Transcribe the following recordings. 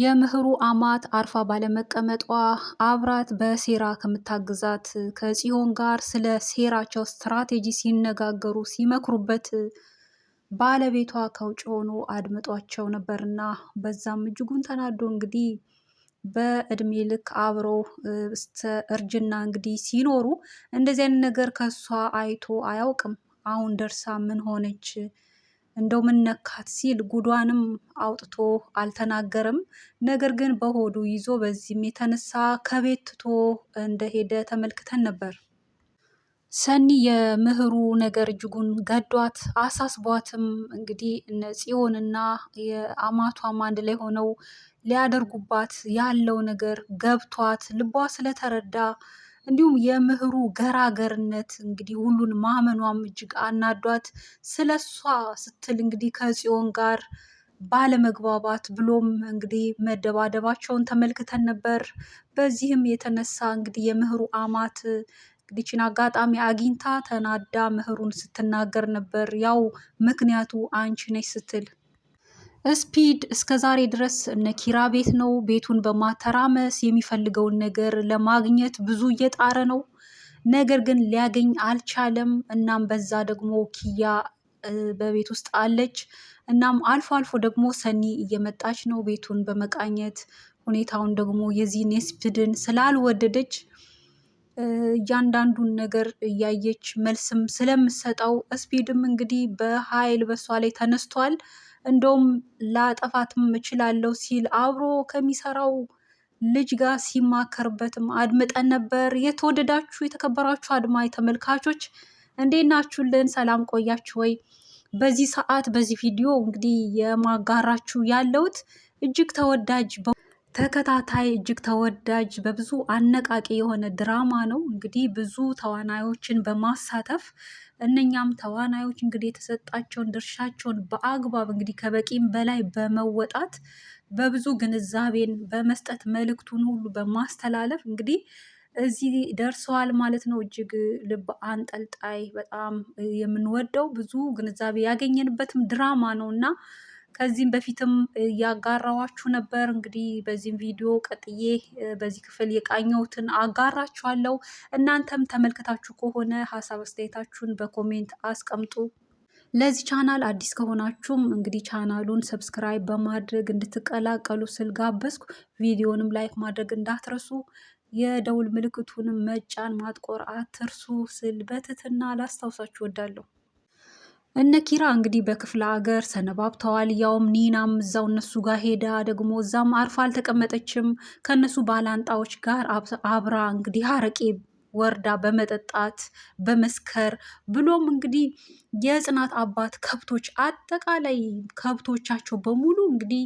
የምህሩ አማት አርፋ ባለመቀመጧ አብራት በሴራ ከምታግዛት ከጽዮን ጋር ስለ ሴራቸው ስትራቴጂ ሲነጋገሩ ሲመክሩበት ባለቤቷ ከውጭ ሆኖ አድምጧቸው ነበርና በዛም እጅጉን ተናዶ እንግዲህ በእድሜ ልክ አብረው እስተ እርጅና እንግዲህ ሲኖሩ እንደዚህ አይነት ነገር ከሷ አይቶ አያውቅም። አሁን ደርሳ ምን ሆነች እንደው ምን ነካት ሲል ጉዷንም አውጥቶ አልተናገርም። ነገር ግን በሆዱ ይዞ በዚህም የተነሳ ከቤት ትቶ እንደሄደ ተመልክተን ነበር። ሰኒ የምህሩ ነገር እጅጉን ገዷት አሳስቧትም እንግዲህ እነ ጽዮንና የአማቷም አንድ ላይ ሆነው ሊያደርጉባት ያለው ነገር ገብቷት ልቧ ስለተረዳ እንዲሁም የምህሩ ገራገርነት እንግዲህ ሁሉን ማመኗም እጅግ አናዷት ስለሷ ስትል እንግዲህ ከጽዮን ጋር ባለመግባባት ብሎም እንግዲህ መደባደባቸውን ተመልክተን ነበር። በዚህም የተነሳ እንግዲህ የምህሩ አማት እንግዲችን አጋጣሚ አግኝታ ተናዳ ምህሩን ስትናገር ነበር። ያው ምክንያቱ አንቺ ነች ስትል ስፒድ እስከ ዛሬ ድረስ እነ ኪራ ቤት ነው። ቤቱን በማተራመስ የሚፈልገውን ነገር ለማግኘት ብዙ እየጣረ ነው። ነገር ግን ሊያገኝ አልቻለም። እናም በዛ ደግሞ ኪያ በቤት ውስጥ አለች። እናም አልፎ አልፎ ደግሞ ሰኒ እየመጣች ነው ቤቱን በመቃኘት ሁኔታውን ደግሞ የዚህን የስፒድን ስላልወደደች እያንዳንዱን ነገር እያየች መልስም ስለምሰጠው ስፒድም እንግዲህ በኃይል በሷ ላይ ተነስቷል። እንደውም ላጠፋትም እችላለሁ ሲል አብሮ ከሚሰራው ልጅ ጋር ሲማከርበትም አድምጠን ነበር። የተወደዳችሁ የተከበራችሁ አድማጭ ተመልካቾች እንዴት ናችሁልን? ሰላም ቆያችሁ ወይ? በዚህ ሰዓት በዚህ ቪዲዮ እንግዲህ የማጋራችሁ ያለውት እጅግ ተወዳጅ ተከታታይ እጅግ ተወዳጅ በብዙ አነቃቂ የሆነ ድራማ ነው። እንግዲህ ብዙ ተዋናዮችን በማሳተፍ እነኛም ተዋናዮች እንግዲህ የተሰጣቸውን ድርሻቸውን በአግባብ እንግዲህ ከበቂም በላይ በመወጣት በብዙ ግንዛቤን በመስጠት መልእክቱን ሁሉ በማስተላለፍ እንግዲህ እዚህ ደርሰዋል ማለት ነው። እጅግ ልብ አንጠልጣይ በጣም የምንወደው ብዙ ግንዛቤ ያገኘንበትም ድራማ ነው እና ከዚህም በፊትም እያጋራዋችሁ ነበር። እንግዲህ በዚህም ቪዲዮ ቀጥዬ በዚህ ክፍል የቃኘሁትን አጋራችኋለሁ። እናንተም ተመልክታችሁ ከሆነ ሀሳብ አስተያየታችሁን በኮሜንት አስቀምጡ። ለዚህ ቻናል አዲስ ከሆናችሁም እንግዲህ ቻናሉን ሰብስክራይብ በማድረግ እንድትቀላቀሉ ስል ጋበዝኩ። ቪዲዮንም ላይክ ማድረግ እንዳትረሱ የደውል ምልክቱንም መጫን ማጥቆር አትርሱ ስል በትህትና ላስታውሳችሁ እወዳለሁ። እነ ኪራ እንግዲህ በክፍለ ሀገር ሰነባብተዋል። ያውም ኒናም እዛው እነሱ ጋር ሄዳ ደግሞ እዛም አርፋ አልተቀመጠችም። ከእነሱ ባላንጣዎች ጋር አብራ እንግዲህ አረቄ ወርዳ በመጠጣት በመስከር ብሎም እንግዲህ የጽናት አባት ከብቶች አጠቃላይ ከብቶቻቸው በሙሉ እንግዲህ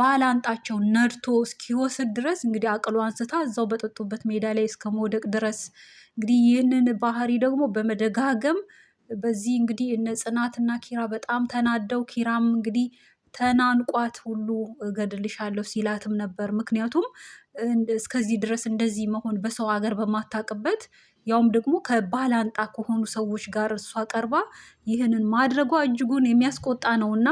ባላንጣቸው ነድቶ እስኪወስድ ድረስ እንግዲህ አቅሎ አንስታ እዛው በጠጡበት ሜዳ ላይ እስከ መውደቅ ድረስ እንግዲህ ይህንን ባህሪ ደግሞ በመደጋገም በዚህ እንግዲህ እነ ጽናትና ኪራ በጣም ተናደው ኪራም እንግዲህ ተናንቋት ሁሉ እገድልሻለሁ ሲላትም ነበር። ምክንያቱም እስከዚህ ድረስ እንደዚህ መሆን በሰው ሀገር በማታቅበት ያውም ደግሞ ከባላንጣ ከሆኑ ሰዎች ጋር እሷ ቀርባ ይህንን ማድረጓ እጅጉን የሚያስቆጣ ነውና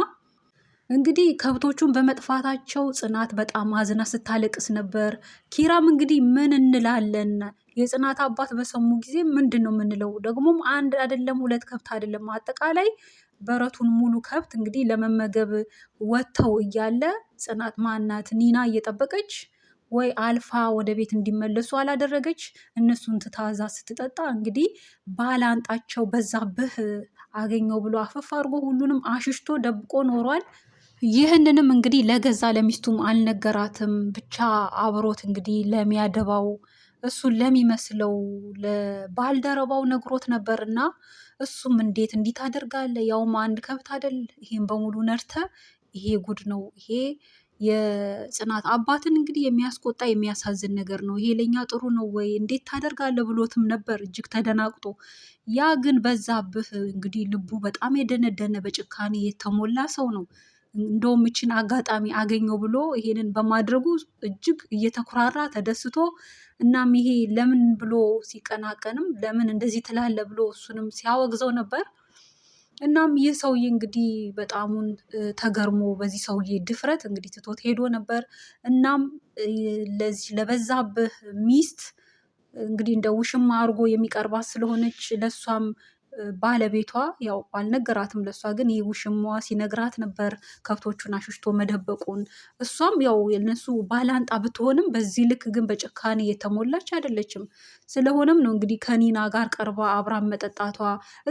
እንግዲህ ከብቶቹን በመጥፋታቸው ጽናት በጣም አዝና ስታለቅስ ነበር። ኪራም እንግዲህ ምን እንላለን የጽናት አባት በሰሙ ጊዜ ምንድን ነው የምንለው? ደግሞም አንድ አይደለም ሁለት ከብት አይደለም አጠቃላይ በረቱን ሙሉ ከብት እንግዲህ ለመመገብ ወጥተው እያለ ጽናት ማናት ኒና እየጠበቀች ወይ አልፋ ወደ ቤት እንዲመለሱ አላደረገች። እነሱን ትታዛ ስትጠጣ እንግዲህ ባላንጣቸው በዛብህ አገኘው ብሎ አፈፍ አድርጎ ሁሉንም አሽሽቶ ደብቆ ኖሯል። ይህንንም እንግዲህ ለገዛ ለሚስቱም አልነገራትም። ብቻ አብሮት እንግዲህ ለሚያደባው እሱን ለሚመስለው ባልደረባው ነግሮት ነበር እና እሱም እንዴት እንዲህ ታደርጋለህ? ያውም አንድ ከብት አይደል? ይሄን በሙሉ ነድተ ይሄ ጉድ ነው። ይሄ የጽናት አባትን እንግዲህ የሚያስቆጣ የሚያሳዝን ነገር ነው። ይሄ ለእኛ ጥሩ ነው ወይ እንዴት ታደርጋለህ? ብሎትም ነበር እጅግ ተደናቅጦ ያ ግን በዛብህ እንግዲህ ልቡ በጣም የደነደነ በጭካኔ የተሞላ ሰው ነው። እንደውም እችን አጋጣሚ አገኘው ብሎ ይሄንን በማድረጉ እጅግ እየተኩራራ ተደስቶ እናም ይሄ ለምን ብሎ ሲቀናቀንም ለምን እንደዚህ ትላለ ብሎ እሱንም ሲያወግዘው ነበር። እናም ይህ ሰውዬ እንግዲህ በጣሙን ተገርሞ በዚህ ሰውዬ ድፍረት እንግዲህ ትቶት ሄዶ ነበር። እናም ለዚህ ለበዛብህ ሚስት እንግዲህ እንደ ውሽማ አድርጎ የሚቀርባት ስለሆነች ለእሷም ባለቤቷ ያው አልነገራትም። ለእሷ ግን ይህ ውሽማዋ ሲነግራት ነበር ከብቶቹን አሽሽቶ መደበቁን። እሷም ያው የነሱ ባላንጣ ብትሆንም በዚህ ልክ ግን በጭካኔ የተሞላች አይደለችም። ስለሆነም ነው እንግዲህ ከኒና ጋር ቀርባ አብራን መጠጣቷ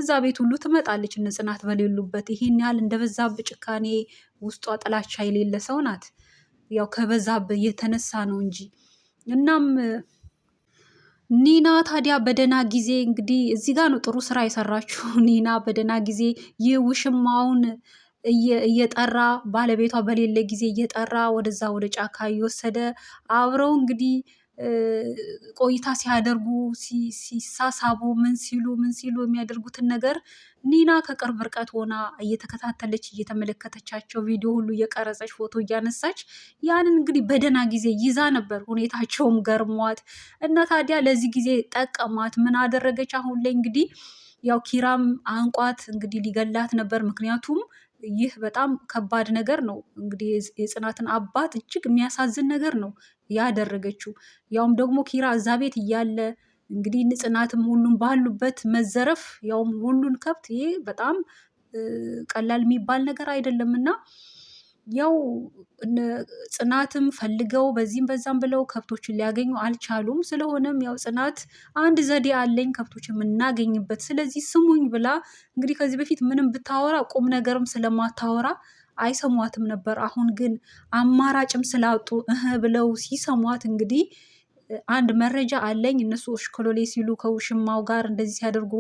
እዛ ቤት ሁሉ ትመጣለች እነ ጽናት በሌሉበት። ይሄን ያህል እንደበዛ ጭካኔ ውስጧ ጥላቻ የሌለ ሰው ናት። ያው ከበዛብ የተነሳ ነው እንጂ እናም ኒና ታዲያ በደህና ጊዜ እንግዲህ እዚህ ጋር ነው ጥሩ ስራ የሰራችሁ። ኒና በደህና ጊዜ የውሽማውን እየጠራ ባለቤቷ በሌለ ጊዜ እየጠራ ወደዛ ወደ ጫካ እየወሰደ አብረው እንግዲህ ቆይታ ሲያደርጉ ሲሳሳቡ ምን ሲሉ ምን ሲሉ የሚያደርጉትን ነገር ኒና ከቅርብ ርቀት ሆና እየተከታተለች እየተመለከተቻቸው ቪዲዮ ሁሉ እየቀረጸች ፎቶ እያነሳች ያንን እንግዲህ በደህና ጊዜ ይዛ ነበር። ሁኔታቸውም ገርሟት እና ታዲያ ለዚህ ጊዜ ጠቀሟት። ምን አደረገች? አሁን ላይ እንግዲህ ያው ኪራም አንቋት እንግዲህ ሊገላት ነበር ምክንያቱም ይህ በጣም ከባድ ነገር ነው። እንግዲህ የጽናትን አባት እጅግ የሚያሳዝን ነገር ነው ያደረገችው። ያውም ደግሞ ኪራ እዛ ቤት እያለ እንግዲህ ጽናትም ሁሉም ባሉበት መዘረፍ ያውም ሁሉን ከብት ይሄ በጣም ቀላል የሚባል ነገር አይደለም እና ያው ጽናትም ፈልገው በዚህም በዛም ብለው ከብቶችን ሊያገኙ አልቻሉም። ስለሆነም ያው ጽናት አንድ ዘዴ አለኝ ከብቶች የምናገኝበት ስለዚህ ስሙኝ ብላ እንግዲህ ከዚህ በፊት ምንም ብታወራ ቁም ነገርም ስለማታወራ አይሰሟትም ነበር። አሁን ግን አማራጭም ስላጡ እህ ብለው ሲሰሟት እንግዲህ አንድ መረጃ አለኝ እነሱ ሽኮሎሌ ሲሉ ከውሽማው ጋር እንደዚህ ሲያደርጉ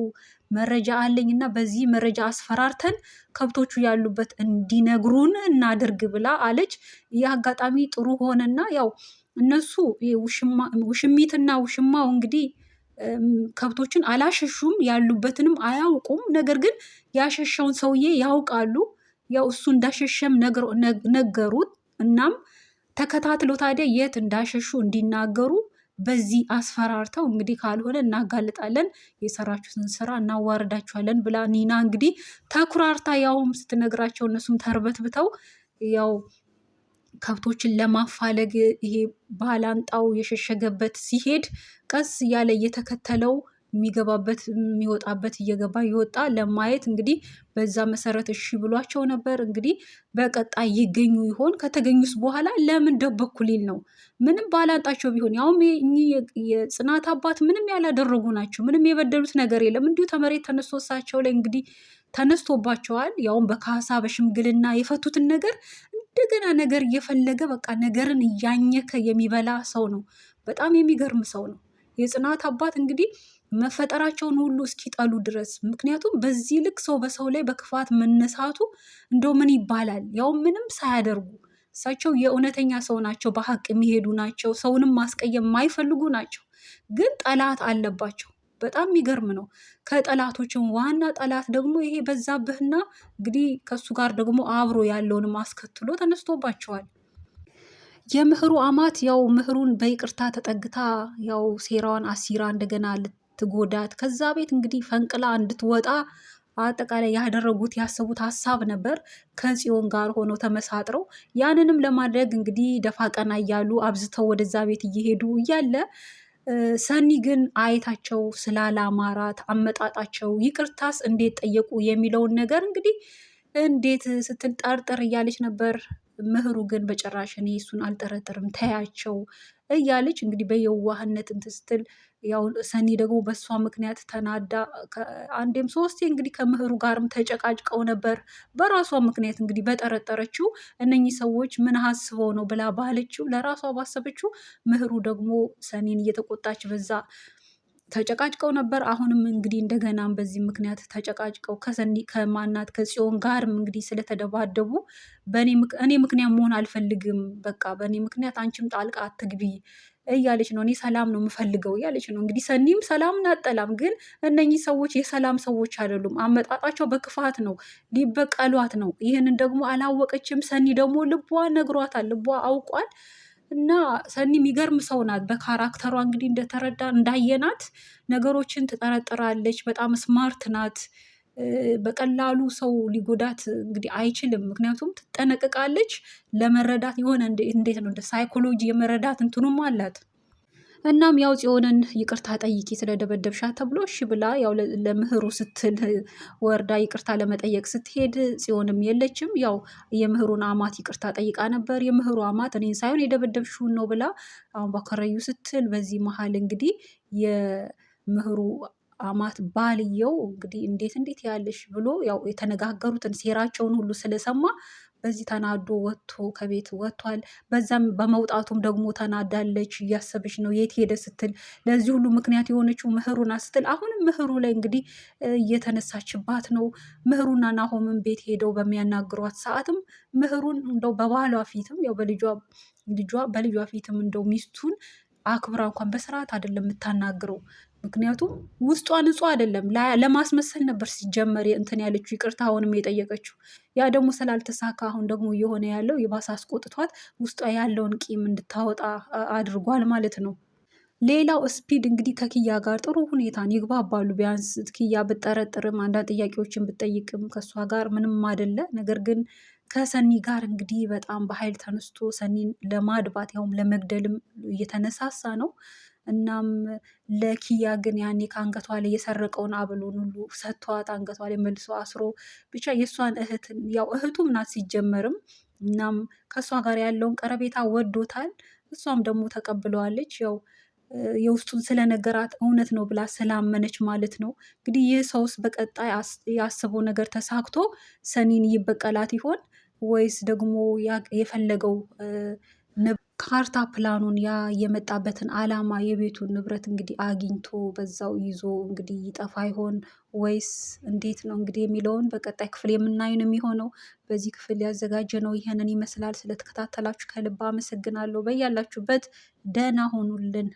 መረጃ አለኝ እና በዚህ መረጃ አስፈራርተን ከብቶቹ ያሉበት እንዲነግሩን እናድርግ ብላ አለች። ይህ አጋጣሚ ጥሩ ሆነና ያው እነሱ ውሽሚትና ውሽማው እንግዲህ ከብቶችን አላሸሹም፣ ያሉበትንም አያውቁም። ነገር ግን ያሸሸውን ሰውዬ ያውቃሉ። ያው እሱ እንዳሸሸም ነገሩት። እናም ተከታትሎ ታዲያ የት እንዳሸሹ እንዲናገሩ በዚህ አስፈራርተው እንግዲህ ካልሆነ እናጋልጣለን፣ የሰራችሁትን ስራ እናዋርዳችኋለን ብላ ኒና እንግዲህ ተኩራርታ ያውም ስትነግራቸው እነሱም ተርበትብተው ያው ከብቶችን ለማፋለግ ይሄ ባላንጣው የሸሸገበት ሲሄድ ቀስ እያለ እየተከተለው የሚገባበት የሚወጣበት እየገባ እየወጣ ለማየት እንግዲህ በዛ መሰረት እሺ ብሏቸው ነበር። እንግዲህ በቀጣይ ይገኙ ይሆን? ከተገኙስ በኋላ ለምን ደበኩ ሊል ነው? ምንም ባላጣቸው ቢሆን ያውም እኚህ የጽናት አባት ምንም ያላደረጉ ናቸው። ምንም የበደሉት ነገር የለም። እንዲሁ ተመሬት ተነስቶ እሳቸው ላይ እንግዲህ ተነስቶባቸዋል። ያውም በካሳ በሽምግልና የፈቱትን ነገር እንደገና ነገር እየፈለገ በቃ ነገርን እያኘከ የሚበላ ሰው ነው። በጣም የሚገርም ሰው ነው። የጽናት አባት እንግዲህ መፈጠራቸውን ሁሉ እስኪጠሉ ድረስ። ምክንያቱም በዚህ ልክ ሰው በሰው ላይ በክፋት መነሳቱ እንደው ምን ይባላል? ያው ምንም ሳያደርጉ እሳቸው የእውነተኛ ሰው ናቸው፣ በሀቅ የሚሄዱ ናቸው፣ ሰውንም ማስቀየም የማይፈልጉ ናቸው። ግን ጠላት አለባቸው። በጣም የሚገርም ነው። ከጠላቶችም ዋና ጠላት ደግሞ ይሄ በዛብህና እንግዲህ ከእሱ ጋር ደግሞ አብሮ ያለውንም አስከትሎ ተነስቶባቸዋል። የምህሩ አማት ያው ምህሩን በይቅርታ ተጠግታ ያው ሴራዋን አሲራ እንደገና ልትጎዳት ከዛ ቤት እንግዲህ ፈንቅላ እንድትወጣ አጠቃላይ ያደረጉት ያሰቡት ሀሳብ ነበር። ከጽዮን ጋር ሆነው ተመሳጥረው ያንንም ለማድረግ እንግዲህ ደፋ ቀና እያሉ አብዝተው ወደዛ ቤት እየሄዱ እያለ ሰኒ ግን አይታቸው ስላላማራት አመጣጣቸው ይቅርታስ እንዴት ጠየቁ የሚለውን ነገር እንግዲህ እንዴት ስትል እያለች ነበር። ምህሩ ግን በጭራሽ እኔ እሱን አልጠረጥርም ተያቸው እያለች እንግዲህ በየዋህነት እንትን ስትል ያው ሰኒ ደግሞ በእሷ ምክንያት ተናዳ አንዴም ሶስቴ እንግዲህ ከምህሩ ጋርም ተጨቃጭቀው ነበር። በራሷ ምክንያት እንግዲህ በጠረጠረችው እነኚህ ሰዎች ምን አስበው ነው ብላ ባለችው፣ ለራሷ ባሰበችው ምህሩ ደግሞ ሰኒን እየተቆጣች በዛ ተጨቃጭቀው ነበር። አሁንም እንግዲህ እንደገናም በዚህ ምክንያት ተጨቃጭቀው ከሰኒ ከማናት ከጽዮን ጋርም እንግዲህ ስለተደባደቡ እኔ ምክንያት መሆን አልፈልግም፣ በቃ በእኔ ምክንያት አንቺም ጣልቃ አትግቢ እያለች ነው። እኔ ሰላም ነው የምፈልገው እያለች ነው። እንግዲህ ሰኒም ሰላምን አጠላም፣ ግን እነኚህ ሰዎች የሰላም ሰዎች አይደሉም። አመጣጣቸው በክፋት ነው፣ ሊበቀሏት ነው። ይህንን ደግሞ አላወቀችም። ሰኒ ደግሞ ልቧ ነግሯታል፣ ልቧ አውቋል። እና ሰኒ የሚገርም ሰው ናት። በካራክተሯ እንግዲህ እንደተረዳ እንዳየናት ነገሮችን ትጠረጥራለች። በጣም ስማርት ናት። በቀላሉ ሰው ሊጎዳት እንግዲህ አይችልም። ምክንያቱም ትጠነቅቃለች። ለመረዳት የሆነ እንዴት ነው እንደ ሳይኮሎጂ የመረዳት እንትኑም አላት። እናም ያው ጽዮንን ይቅርታ ጠይቂ ስለደበደብሻ ተብሎ እሺ ብላ ያው ለምህሩ ስትል ወርዳ ይቅርታ ለመጠየቅ ስትሄድ ጽዮንም የለችም። ያው የምህሩን አማት ይቅርታ ጠይቃ ነበር። የምህሩ አማት እኔን ሳይሆን የደበደብሽውን ነው ብላ አሁን ባከረዩ ስትል በዚህ መሀል እንግዲህ የምህሩ አማት ባልየው እንግዲህ እንዴት እንዴት ያለሽ ብሎ ያው የተነጋገሩትን ሴራቸውን ሁሉ ስለሰማ በዚህ ተናዶ ወጥቶ ከቤት ወጥቷል። በዛም በመውጣቱም ደግሞ ተናዳለች፣ እያሰበች ነው የት ሄደ ስትል ለዚህ ሁሉ ምክንያት የሆነችው ምህሩና ስትል አሁንም ምህሩ ላይ እንግዲህ እየተነሳችባት ነው። ምህሩና ናሆምን ቤት ሄደው በሚያናግሯት ሰዓትም ምህሩን እንደው በባሏ ፊትም ያው በልጇ በልጇ ፊትም እንደው ሚስቱን አክብራ እንኳን በስርዓት አይደለም የምታናግረው። ምክንያቱም ውስጧ ንጹህ አይደለም። ለማስመሰል ነበር ሲጀመር እንትን ያለችው ይቅርታ አሁንም የጠየቀችው። ያ ደግሞ ስላልተሳካ አሁን ደግሞ እየሆነ ያለው የባሰ አስቆጥቷት ውስጧ ያለውን ቂም እንድታወጣ አድርጓል ማለት ነው። ሌላው ስፒድ እንግዲህ ከኪያ ጋር ጥሩ ሁኔታን ይግባባሉ። ቢያንስ ኪያ ብጠረጥርም አንዳንድ ጥያቄዎችን ብጠይቅም ከእሷ ጋር ምንም አይደለ። ነገር ግን ከሰኒ ጋር እንግዲህ በጣም በኃይል ተነስቶ ሰኒን ለማድባት ያውም ለመግደልም እየተነሳሳ ነው። እናም ለኪያ ግን ያኔ ከአንገቷ ላይ የሰረቀውን አበሎን ሁሉ ሰጥቷት አንገቷ ላይ መልሶ አስሮ ብቻ የእሷን እህት ያው እህቱም ናት ሲጀመርም። እናም ከእሷ ጋር ያለውን ቀረቤታ ወዶታል። እሷም ደግሞ ተቀብለዋለች ያው የውስጡን ስለነገራት እውነት ነው ብላ ስላመነች ማለት ነው። እንግዲህ ይህ ሰውስ በቀጣይ ያስበው ነገር ተሳክቶ ሰኒን ይበቀላት ይሆን ወይስ ደግሞ የፈለገው ካርታ ፕላኑን ያ የመጣበትን አላማ የቤቱን ንብረት እንግዲህ አግኝቶ በዛው ይዞ እንግዲህ ይጠፋ ይሆን ወይስ እንዴት ነው እንግዲህ የሚለውን በቀጣይ ክፍል የምናየው የሚሆነው። በዚህ ክፍል ያዘጋጀ ነው ይህንን ይመስላል። ስለተከታተላችሁ ከልብ አመሰግናለሁ። በያላችሁበት ደህና ሆኑልን።